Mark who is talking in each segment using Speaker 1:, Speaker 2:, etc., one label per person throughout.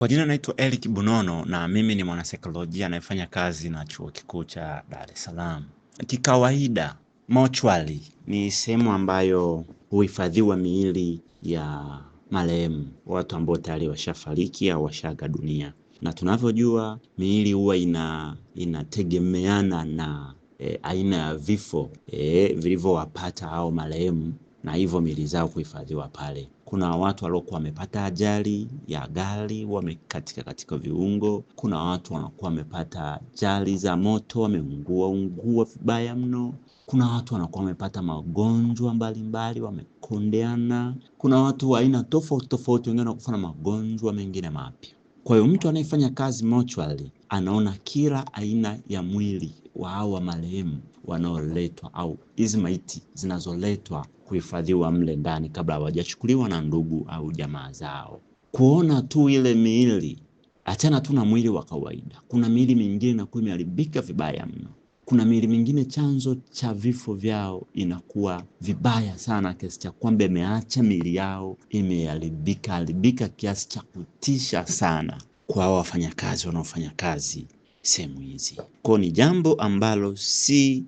Speaker 1: Kwa jina naitwa Eric Bunono na mimi ni mwanasaikolojia anayefanya kazi na Chuo Kikuu cha Dar es Salaam. Kikawaida, mochwali ni sehemu ambayo huhifadhiwa miili ya marehemu, watu ambao tayari washafariki au washaga dunia, na tunavyojua miili huwa ina inategemeana na e, aina ya vifo e, vilivyowapata hao marehemu na hivyo mili zao kuhifadhiwa pale. Kuna watu waliokuwa wamepata ajali ya gari wamekatika katika viungo. Kuna watu wanakuwa wamepata ajali za moto wameungua ungua vibaya mno. Kuna watu wanakuwa wamepata magonjwa mbalimbali wamekondeana. Kuna watu wa aina tofauti tofauti, wengine wanakufa na magonjwa mengine mapya. Kwa hiyo mtu anayefanya kazi mochwali anaona kila aina ya mwili wa hawa marehemu wanaoletwa au hizi maiti zinazoletwa kuhifadhiwa mle ndani kabla hawajachukuliwa na ndugu au jamaa zao. Kuona tu ile miili, achana tu na mwili wa kawaida, kuna miili mingine inakuwa imeharibika vibaya mno. Kuna miili mingine chanzo cha vifo vyao inakuwa vibaya sana, kiasi cha kwamba imeacha miili yao imeharibika haribika kiasi cha kutisha sana kwa wafanyakazi wanaofanya kazi sehemu hizi. Kwao ni jambo ambalo si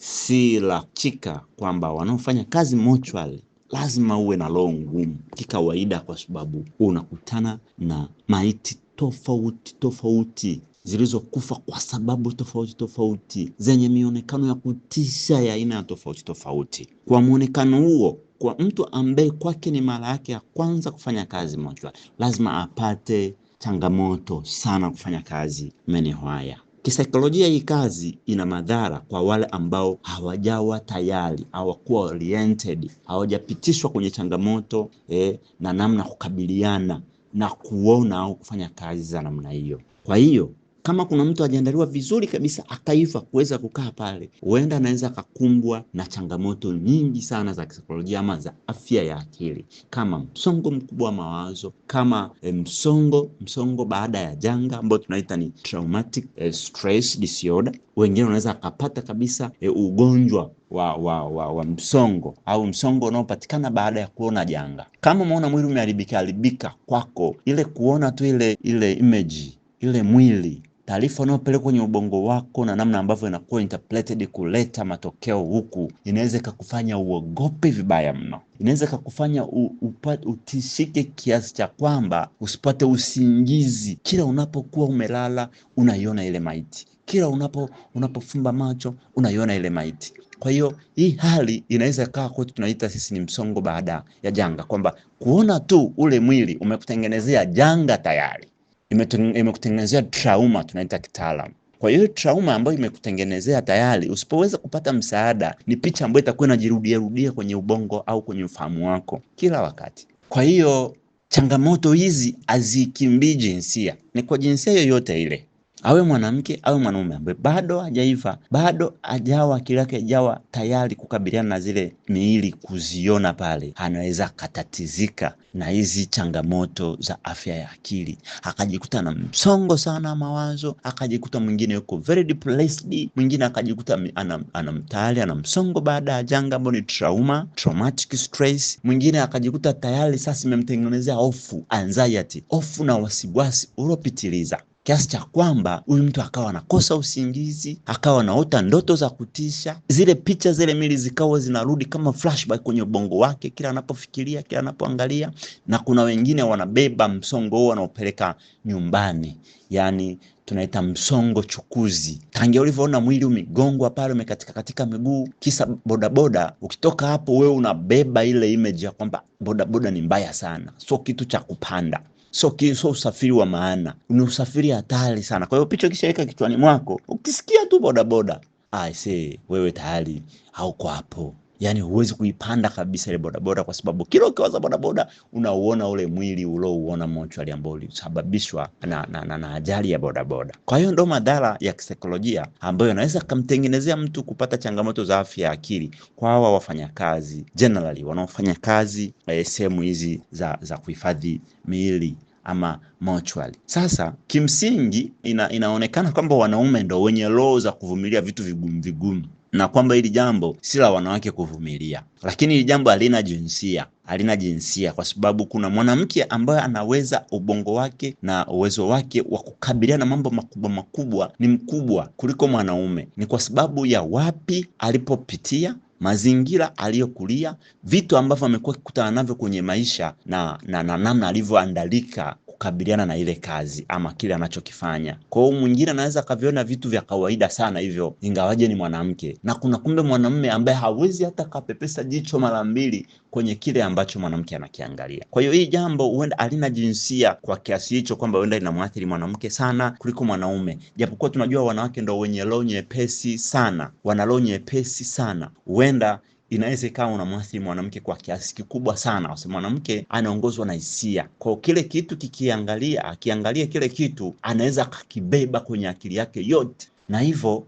Speaker 1: si la chika kwamba wanaofanya kazi mochwali lazima uwe na roho ngumu kikawaida, kwa sababu unakutana na maiti tofauti tofauti zilizokufa kwa sababu tofauti tofauti zenye mionekano ya kutisha ya aina ya tofauti tofauti. Kwa mwonekano huo, kwa mtu ambaye kwake ni mara yake ya kwanza kufanya kazi mochwari, lazima apate changamoto sana kufanya kazi maeneo haya. Kisaikolojia hii kazi ina madhara kwa wale ambao hawajawa tayari, hawakuwa oriented, hawajapitishwa kwenye changamoto eh, na namna kukabiliana na kuona au kufanya kazi za namna hiyo. Kwa hiyo kama kuna mtu ajiandaliwa vizuri kabisa akaiva kuweza kukaa pale, huenda anaweza akakumbwa na changamoto nyingi sana za kisaikolojia ama za afya ya akili, kama msongo mkubwa wa mawazo, kama e, msongo msongo baada ya janga ambao tunaita ni traumatic e, stress disorder. Wengine wanaweza akapata kabisa e, ugonjwa wa, wa, wa, wa msongo au msongo unaopatikana baada ya kuona janga. Kama umeona mwili umeharibika haribika kwako, ile kuona tu ile ile image ile mwili taarifa unayopeleka kwenye ubongo wako na namna ambavyo inakuwa interpreted kuleta matokeo huku, inaweza ikakufanya uogope vibaya mno, inaweza ikakufanya utishike kiasi cha kwamba usipate usingizi. Kila unapokuwa umelala unaiona ile maiti, kila unapo unapofumba macho unaiona ile maiti. Kwa hiyo hii hali inaweza ikawa kwetu tunaita sisi ni msongo baada ya janga, kwamba kuona tu ule mwili umekutengenezea janga tayari imekutengenezea trauma tunaita kitaalam Kwa hiyo trauma ambayo imekutengenezea tayari, usipoweza kupata msaada, ni picha ambayo itakuwa inajirudiarudia kwenye ubongo au kwenye ufahamu wako kila wakati. Kwa hiyo changamoto hizi hazikimbii jinsia, ni kwa jinsia yoyote ile awe mwanamke awe mwanaume ambaye bado hajaiva, bado ajawa akili yake ajawa tayari kukabiliana na zile miili, kuziona pale, anaweza akatatizika na hizi changamoto za afya ya akili, akajikuta na msongo sana mawazo, akajikuta mwingine yuko very depressed, mwingine akajikuta anamtayari ana msongo baada ya janga ambalo ni trauma, traumatic stress, mwingine akajikuta tayari sasa imemtengenezea hofu, anxiety, hofu na wasiwasi uliopitiliza kiasi cha kwamba huyu mtu akawa anakosa usingizi, akawa anaota ndoto za kutisha. Zile picha zile mili zikawa zinarudi kama flashback kwenye ubongo wake kila anapofikiria, kila anapoangalia. Na kuna wengine wanabeba msongo huo wanaopeleka nyumbani, yani tunaita msongo chukuzi. Tangia ulivyoona mwili umigongwa pale, umekatika katika miguu, kisa bodaboda. Ukitoka hapo, wewe unabeba ile image ya kwamba bodaboda ni mbaya sana, sio kitu cha kupanda so, so usafiri wa maana, ni usafiri hatari sana. Kwa hiyo picha ukishaweka kichwani mwako, ukisikia tu bodaboda, aisee, ah, wewe tayari hauko hapo yani huwezi kuipanda kabisa ile bodaboda, kwa sababu kila ukiwaza bodaboda unauona ule mwili ulouona mochwali ambao ulisababishwa na, na, na, na ajali ya bodaboda. Kwa hiyo ndo madhara ya kisaikolojia ambayo anaweza akamtengenezea mtu kupata changamoto za afya ya akili kwa hawa wafanyakazi generally wanaofanya kazi eh, sehemu hizi za, za kuhifadhi miili ama mochwali. Sasa kimsingi ina, inaonekana kwamba wanaume ndo wenye roho za kuvumilia vitu vigumu vigumu na kwamba hili jambo si la wanawake kuvumilia, lakini hili jambo halina jinsia halina jinsia kwa sababu kuna mwanamke ambaye anaweza ubongo wake na uwezo wake wa kukabiliana na mambo makubwa makubwa ni mkubwa kuliko mwanaume. Ni kwa sababu ya wapi alipopitia, mazingira aliyokulia, vitu ambavyo amekuwa akikutana navyo kwenye maisha na na namna na, na, alivyoandalika kukabiliana na ile kazi ama kile anachokifanya. Kwa hiyo mwingine anaweza akaviona vitu vya kawaida sana hivyo, ingawaje ni mwanamke, na kuna kumbe mwanamume ambaye hawezi hata kapepesa jicho mara mbili kwenye kile ambacho mwanamke anakiangalia. Kwa hiyo hii jambo huenda alina jinsia kwa kiasi hicho, kwamba huenda inamwathiri mwanamke sana kuliko mwanaume, japokuwa tunajua wanawake ndo wenye roho nyepesi sana, wana roho nyepesi sana, huenda inaweza ikawa unamwathiri mwanamke kwa kiasi kikubwa sana, kwa mwanamke anaongozwa na hisia. Kwa kile kitu kikiangalia, akiangalia kile kitu anaweza akakibeba kwenye akili yake yote, na hivyo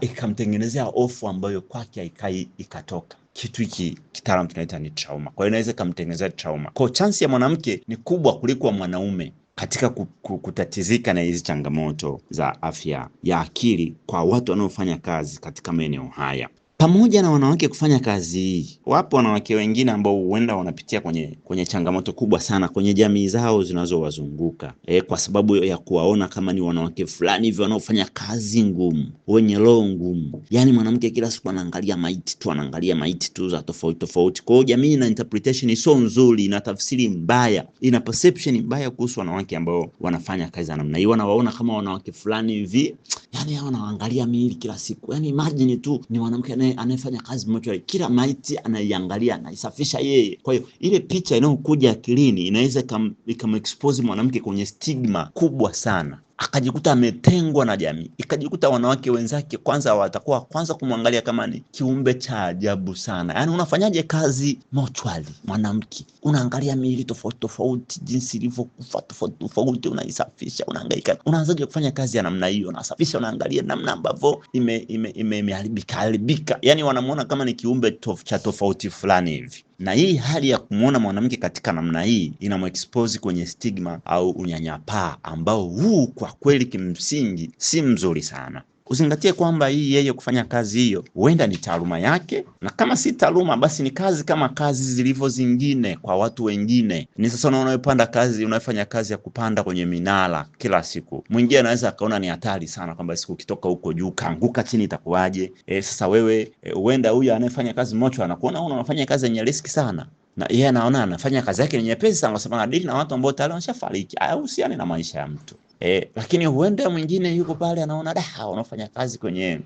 Speaker 1: ikamtengenezea hofu ambayo kwake haikai ikatoka kitu hiki kitaalamu tunaita ni trauma. Kwa hiyo inaweza ikamtengenezea trauma. Kwa chansi ya mwanamke ni kubwa kuliko mwanaume katika kutatizika na hizi changamoto za afya ya akili kwa watu wanaofanya kazi katika maeneo haya pamoja na wanawake kufanya kazi hii, wapo wanawake wengine ambao huenda wanapitia kwenye, kwenye changamoto kubwa sana kwenye jamii zao zinazowazunguka e, kwa sababu ya kuwaona kama ni wanawake fulani hivyo wanaofanya kazi ngumu, wenye roho ngumu. Yani mwanamke kila siku anaangalia maiti tu, anaangalia maiti tu za tofauti tofauti. Kwa hiyo jamii ina interpretation sio nzuri, ina tafsiri mbaya, ina perception mbaya kuhusu wanawake ambao wanafanya kazi za namna hii, wanawaona kama wanawake fulani hivi, yaani wanaangalia miili kila siku. yani imagine tu ni mwanamke anayefanya kazi mortuary, kila maiti anaiangalia, anaisafisha yeye. Kwa hiyo ile picha inayokuja akilini inaweza ikamexpose mwanamke kwenye stigma kubwa sana akajikuta ametengwa na jamii, ikajikuta wanawake wenzake kwanza watakuwa kwanza kumwangalia kama ni kiumbe cha ajabu sana. Yaani, unafanyaje kazi mochwali mwanamke? Unaangalia miili tofauti tofauti, jinsi ilivyokufa tofauti tofauti, unaisafisha, unaangaika, Unaanzaje kufanya kazi ya namna hiyo? Unasafisha, unaangalia namna ambavyo ime, ime, ime, ime, haribika, yaani wanamwona kama ni kiumbe tof, cha tofauti fulani hivi na hii hali ya kumwona mwanamke katika namna hii inamexpose kwenye stigma au unyanyapaa ambao huu kwa kweli kimsingi si mzuri sana uzingatie kwamba hii yeye kufanya kazi hiyo huenda ni taaluma yake, na kama si taaluma basi ni kazi kama kazi zilivyo zingine kwa watu wengine. Ni sasa unayopanda kazi, unaofanya kazi ya kupanda kwenye minara kila siku, mwingine anaweza akaona ni hatari sana, kwamba siku ukitoka huko juu kaanguka chini itakuwaje? E, sasa wewe e, huenda e, huyo anayefanya kazi mocho anakuona unafanya kazi yenye riski sana na yeye anaona anafanya kazi yake ni nyepesi sana, kwa sababu anadili na watu ambao tayari wameshafariki, hayahusiani na maisha ya mtu. E, lakini huenda mwingine yuko pale anaona da wanaofanya kazi kwenye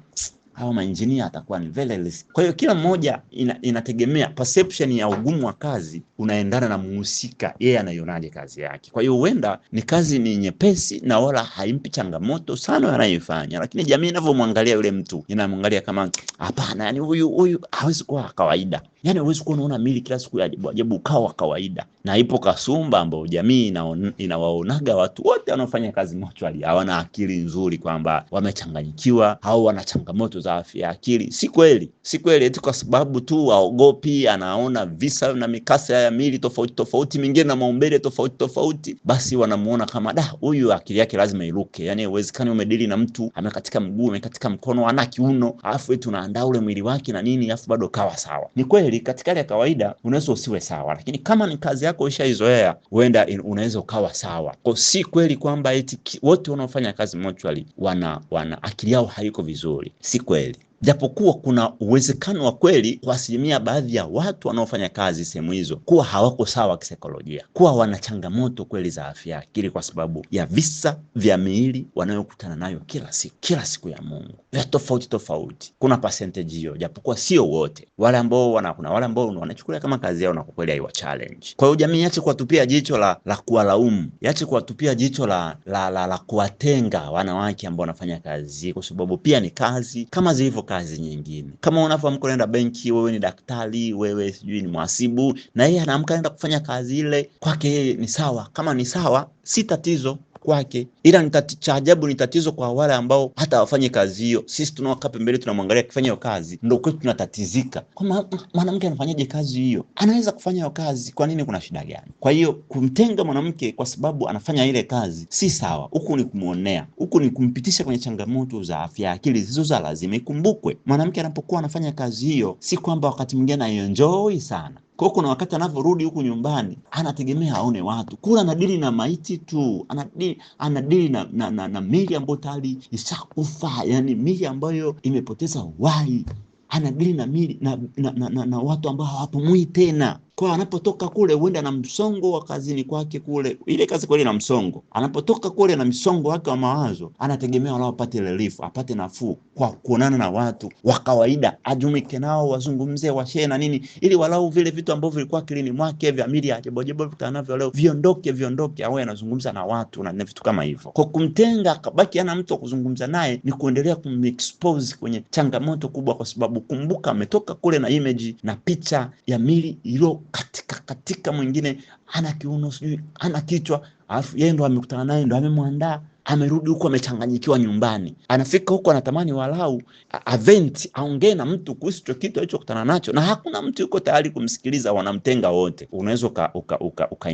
Speaker 1: hawa mainjinia atakuwa ni Kwa hiyo kila mmoja ina, inategemea perception ya ugumu wa kazi unaendana na mhusika yeye anaionaje kazi yake. Kwa hiyo huenda ni kazi ni nyepesi na wala haimpi changamoto sana anayoifanya, lakini jamii inavyomwangalia yule mtu inamwangalia kama hapana, yani huyu huyu hawezi kuwa kawaida. Yani huwezi kuwa unaona mili kila siku ya ajabu ajabu ukawa kawaida, na ipo kasumba ambayo jamii inawaonaga watu wote wanaofanya kazi mochwali hawana akili nzuri, kwamba wamechanganyikiwa au wana changamoto za afya ya akili. Si kweli, si kweli, eti kwa sababu tu aogopi anaona visa na mikasa ya mili tofauti tofauti, mingine na maumbile tofauti tofauti, basi wanamuona kama da, huyu akili yake lazima iruke. Yani uwezekani umedili na mtu amekatika mguu, amekatika mkono, ana kiuno, alafu tunaandaa ule mwili wake na nini, alafu bado kawa sawa. Ni kweli kweli katika hali ya kawaida unaweza usiwe sawa, lakini kama ni kazi yako ushaizoea, huenda unaweza ukawa sawa. Kwa si kweli kwamba eti wote wanaofanya kazi mochwali wana wana akili yao haiko vizuri, si kweli japokuwa kuna uwezekano wa kweli kwa asilimia baadhi ya watu wanaofanya kazi sehemu hizo kuwa hawako sawa kisaikolojia, kuwa wana changamoto kweli za afya akili, kwa sababu ya visa vya miili wanayokutana nayo kila siku kila siku ya Mungu vya tofauti tofauti. Kuna percentage hiyo, japokuwa sio wote wale ambao wana, kuna wale ambao wanachukulia kama kazi yao na kwa kweli haiwa challenge. Kwa hiyo jamii yache kuwatupia jicho la la kuwalaumu, yache kuwatupia jicho la la, la, la kuwatenga wanawake ambao wanafanya kazi, kwa sababu pia ni kazi kama zilivyo kazi nyingine. Kama unafahamu kwenda benki, wewe ni daktari, wewe sijui ni mhasibu, na yeye anaamka anaenda kufanya kazi ile, kwake yeye ni sawa. Kama ni sawa, si tatizo kwake, ila cha ajabu ni tatizo kwa wale ambao hata hawafanyi kazi hiyo. Sisi tunaokaa pembeni tunamwangalia akifanya hiyo kazi, ndio kwetu tunatatizika, kwa mwanamke anafanyaje kazi hiyo? Anaweza kufanya hiyo kazi, kwa nini? Kuna shida gani? Kwa hiyo kumtenga mwanamke kwa sababu anafanya ile kazi si sawa. Huku ni kumwonea, huku ni kumpitisha kwenye changamoto za afya akili zizo za lazima. Ikumbukwe mwanamke anapokuwa anafanya kazi hiyo, si kwamba wakati mwingine aienjoi sana kwa kuna wakati anavyorudi huku nyumbani anategemea aone watu, kula anadili na maiti tu, anadili, anadili na, na, na, na mili ambayo tayari ishakufa, yani mili ambayo imepoteza uhai, anadili na mili na, na, na, na, na watu ambao hawapumui tena kwa anapotoka kule huenda na msongo wa kazini kwake kule, ile kazi kweli na msongo. Anapotoka kule na msongo wake wa mawazo, anategemea lao apate relief, apate nafuu kwa kuonana na watu wa kawaida, ajumike nao, wazungumze, washee na nini, ili walau vile vitu ambavyo vilikuwa kilini mwake vya mili ajebojebo vitanavyo leo viondoke, viondoke, awe anazungumza na watu na vitu kama hivyo. Kwa kumtenga akabaki ana mtu wa kuzungumza naye, ni kuendelea kumexpose kwenye changamoto kubwa, kwa sababu kumbuka, ametoka kule na image na picha ya mili iliyo katika katika, mwingine ana kiuno sijui ana kichwa, alafu yeye ndo amekutana naye ndo amemwandaa amerudi huko amechanganyikiwa nyumbani, anafika huko anatamani walau avent aongee na mtu kuhusu cho kitu alichokutana nacho, na hakuna mtu yuko tayari kumsikiliza, wanamtenga wote. Unaweza uka, uka, uka, uka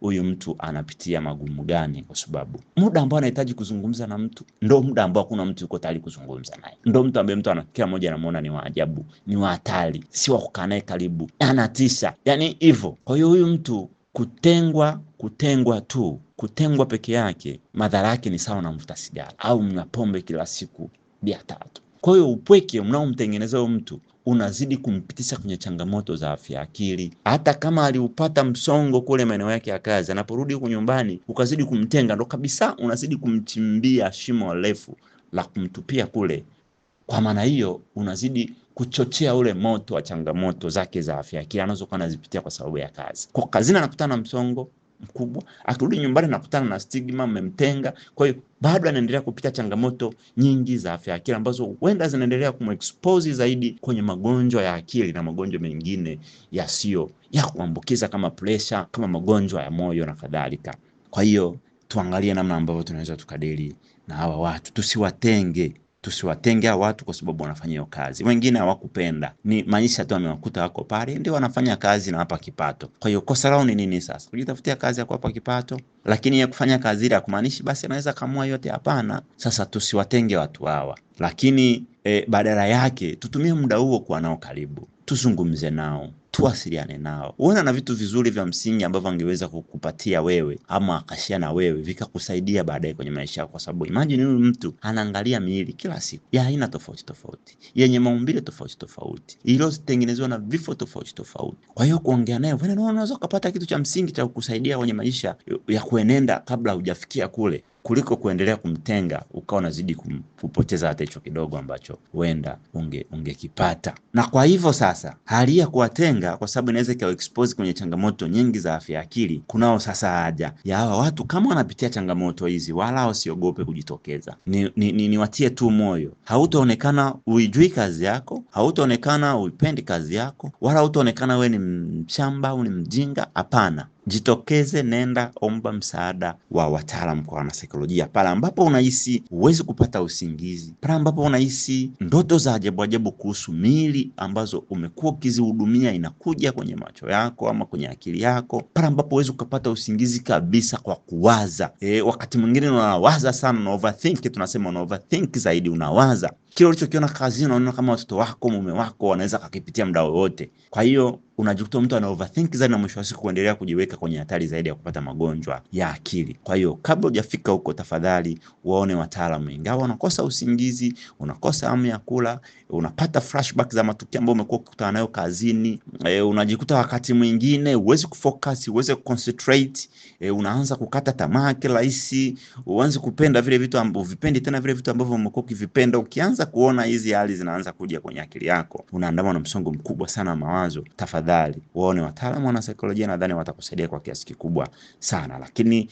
Speaker 1: huyu mtu anapitia magumu gani, kwa sababu muda ambao anahitaji kuzungumza na mtu ndo muda ambao hakuna mtu yuko tayari kuzungumza naye, ndo mtu ambaye mtu kila moja anamwona ni waajabu ni wahatari si wakukaa naye karibu, anatisha, yani hivo Kwa hiyo huyu mtu Kutengwa, kutengwa tu, kutengwa peke yake, madhara yake ni sawa na mvuta sigara au mnywa pombe kila siku bia tatu. Kwa hiyo upweke mnaomtengeneza huyo mtu unazidi kumpitisha kwenye changamoto za afya akili. Hata kama aliupata msongo kule maeneo yake ya kazi, anaporudi huku nyumbani ukazidi kumtenga, ndo kabisa unazidi kumchimbia shimo refu la kumtupia kule. Kwa maana hiyo unazidi kuchochea ule moto wa changamoto zake za afya akili anazokuwa anazipitia kwa sababu ya kazi. Kwa kazini anakutana na msongo mkubwa, akirudi nyumbani anakutana na stigma, mmemtenga. Kwa hiyo bado anaendelea kupita changamoto nyingi za afya akili ambazo huenda zinaendelea kumexpose zaidi kwenye magonjwa ya akili na magonjwa mengine yasiyo ya kuambukiza kama presha, kama magonjwa ya moyo na kadhalika. Kwa hiyo tuangalie namna ambavyo tunaweza tukadili na hawa watu, tusiwatenge tusiwatengea watu kwa sababu wanafanya hiyo kazi. Wengine hawakupenda, ni maisha tu amewakuta wako pale, ndio wanafanya kazi na hapa kipato. Kwa hiyo kosa lao ni nini sasa? Kujitafutia kazi ya kuwapa kipato, lakini ya kufanya kazi ile hakumaanishi basi anaweza kamua yote, hapana. Sasa tusiwatenge watu hawa, lakini e, badala yake tutumie muda huo kuwa nao karibu, tuzungumze nao tuwasiliane nao. uona na vitu vizuri vya msingi ambavyo angeweza kukupatia wewe ama akashia na wewe vikakusaidia baadaye kwenye maisha yako, kwa sababu imagine huyu mtu anaangalia miili kila siku ya aina tofauti tofauti yenye maumbile tofauti tofauti iliyotengenezwa na vifo tofauti tofauti. Kwa hiyo kuongea naye unaweza ukapata kitu cha msingi cha kukusaidia kwenye maisha ya kuenenda kabla hujafikia kule kuliko kuendelea kumtenga ukawa unazidi kupoteza hata hicho kidogo ambacho huenda ungekipata unge. Na kwa hivyo sasa, hali ya kuwatenga kinga kwa sababu inaweza ikawa expose kwenye changamoto nyingi za afya akili. Kunao sasa haja ya hawa watu kama wanapitia changamoto hizi, wala wasiogope kujitokeza. Ni, ni, ni, niwatie tu moyo, hautaonekana uijui kazi yako, hautaonekana uipendi kazi yako, wala hautaonekana we ni mshamba au ni mjinga. Hapana, jitokeze, nenda omba msaada wa wataalam kwa wanasaikolojia pale ambapo unahisi huwezi kupata usingizi, pale ambapo unahisi ndoto za ajabu ajabu kuhusu mili ambazo umekuwa ukizihudumia inakuja kwenye macho yako ama kwenye akili yako, pale ambapo huwezi ukapata usingizi kabisa kwa kuwaza. E, wakati mwingine unawaza sana, una overthink, tunasema una overthink zaidi, unawaza kile ulichokiona kazini unaona kama watoto wako, mume wako wanaweza kakipitia muda wowote. Kwa hiyo unajikuta mtu ana overthink zaidi na mwisho wa siku kuendelea kujiweka kwenye hatari zaidi ya kupata magonjwa ya akili. Kwa hiyo kabla hujafika huko, tafadhali waone wataalamu. Ingawa unakosa usingizi, unakosa hamu ya kula, unapata flashback za matukio ambayo umekuwa ukikutana nayo kazini, e, unajikuta wakati mwingine huwezi kufocus, huwezi kuconcentrate, e, unaanza kukata tamaa kirahisi, uanze kupenda vile vitu ambavyo vipendi tena vile vitu ambavyo umekuwa ukivipenda ukianza kuona hizi hali zinaanza kuja kwenye akili yako, unaandama na msongo mkubwa sana wa mawazo, tafadhali waone wataalamu wa saikolojia, nadhani watakusaidia kwa kiasi kikubwa sana, lakini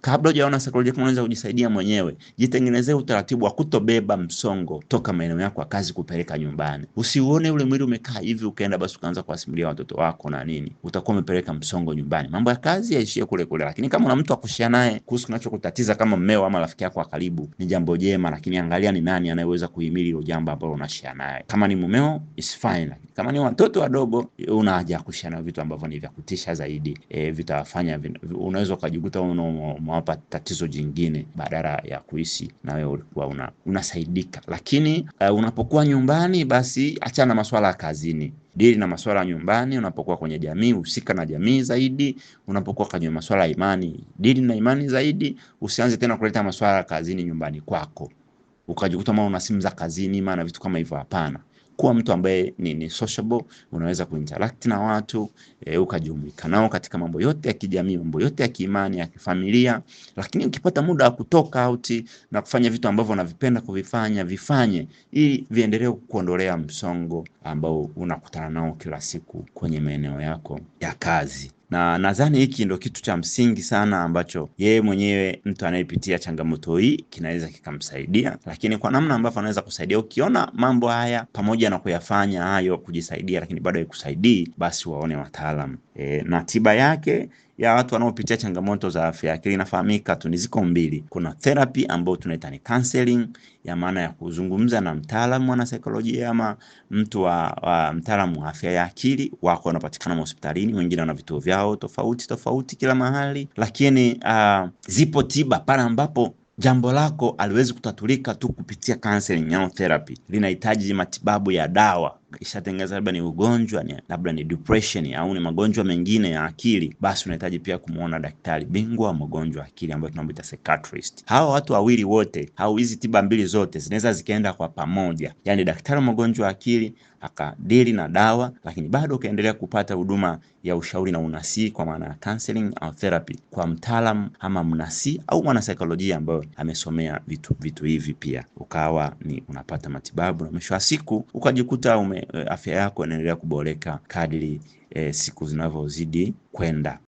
Speaker 1: kabla hujaona saikolojia kama unaweza kujisaidia mwenyewe, jitengenezee utaratibu wa kutobeba msongo toka maeneo yako ya kazi kupeleka nyumbani. Usiuone ule mwili umekaa hivi, ukaenda basi ukaanza kuwasimulia watoto wako na nini, utakuwa umepeleka msongo nyumbani. Mambo ya kazi yaishie kule kule, lakini kama una mtu akushia naye kuhusu kinachokutatiza kama mmeo ama rafiki yako wa karibu, ni jambo jema, lakini angalia ni nani anayeweza kuhimili hilo jambo ambalo unashia naye. Kama ni mumeo is fine, kama ni watoto wadogo, una haja ya kushia nao vitu ambavyo ni vya kutisha zaidi. E, eh, vitawafanya unaweza ukajikuta umewapa tatizo jingine badala ya kuishi na wewe ulikuwa una, unasaidika. Lakini uh, unapokuwa nyumbani, basi achana na masuala ya kazini dili na masuala ya nyumbani. Unapokuwa kwenye jamii, husika na jamii zaidi. Unapokuwa kwenye masuala ya imani, dili na imani zaidi. Usianze tena kuleta masuala ya kazini nyumbani kwako ukajikuta maana una simu za kazini, maana vitu kama hivyo. Hapana kuwa mtu ambaye ni, ni sociable, unaweza kuinteract na watu e, ukajumuika nao katika mambo yote ya kijamii, mambo yote ya kiimani, ya kifamilia. Lakini ukipata muda wa kutoka out na kufanya vitu ambavyo unavipenda kuvifanya, vifanye ili viendelee kukuondolea msongo ambao unakutana nao kila siku kwenye maeneo yako ya kazi na nadhani hiki ndo kitu cha msingi sana ambacho yeye mwenyewe mtu anayepitia changamoto hii kinaweza kikamsaidia, lakini kwa namna ambavyo anaweza kusaidia, ukiona mambo haya pamoja na kuyafanya hayo kujisaidia, lakini bado haikusaidii, basi waone wataalamu. E, na tiba yake ya watu wanaopitia changamoto za afya akili inafahamika tu, ni ziko mbili. Kuna therapy ambayo tunaita ni counseling, ya maana ya kuzungumza na mtaalamu wa saikolojia ama mtu wa, wa mtaalamu wa afya ya akili. Wako wanapatikana hospitalini, wengine wana vituo vyao tofauti tofauti kila mahali, lakini uh, zipo tiba pale ambapo jambo lako aliwezi kutatulika tu kupitia counseling au therapy, linahitaji matibabu ya dawa ishatengeneza labda ni ugonjwa ni, labda ni depression au ni magonjwa mengine ya akili, basi unahitaji pia kumwona daktari bingwa wa magonjwa akili ambayo tunamwita psychiatrist. Hawa watu wawili wote au hizi tiba mbili zote zinaweza zikaenda kwa pamoja, yani daktari wa magonjwa akili akadili na dawa, lakini bado ukaendelea kupata huduma ya ushauri na unasii kwa maana ya counseling au therapy kwa mtaalamu ama mnasii au mwanasaikolojia ambayo amesomea vitu vitu hivi, pia ukawa ni unapata matibabu na mwisho wa siku ukajikuta ume Eh, afya yako inaendelea kuboreka kadri e, siku zinavyozidi kwenda.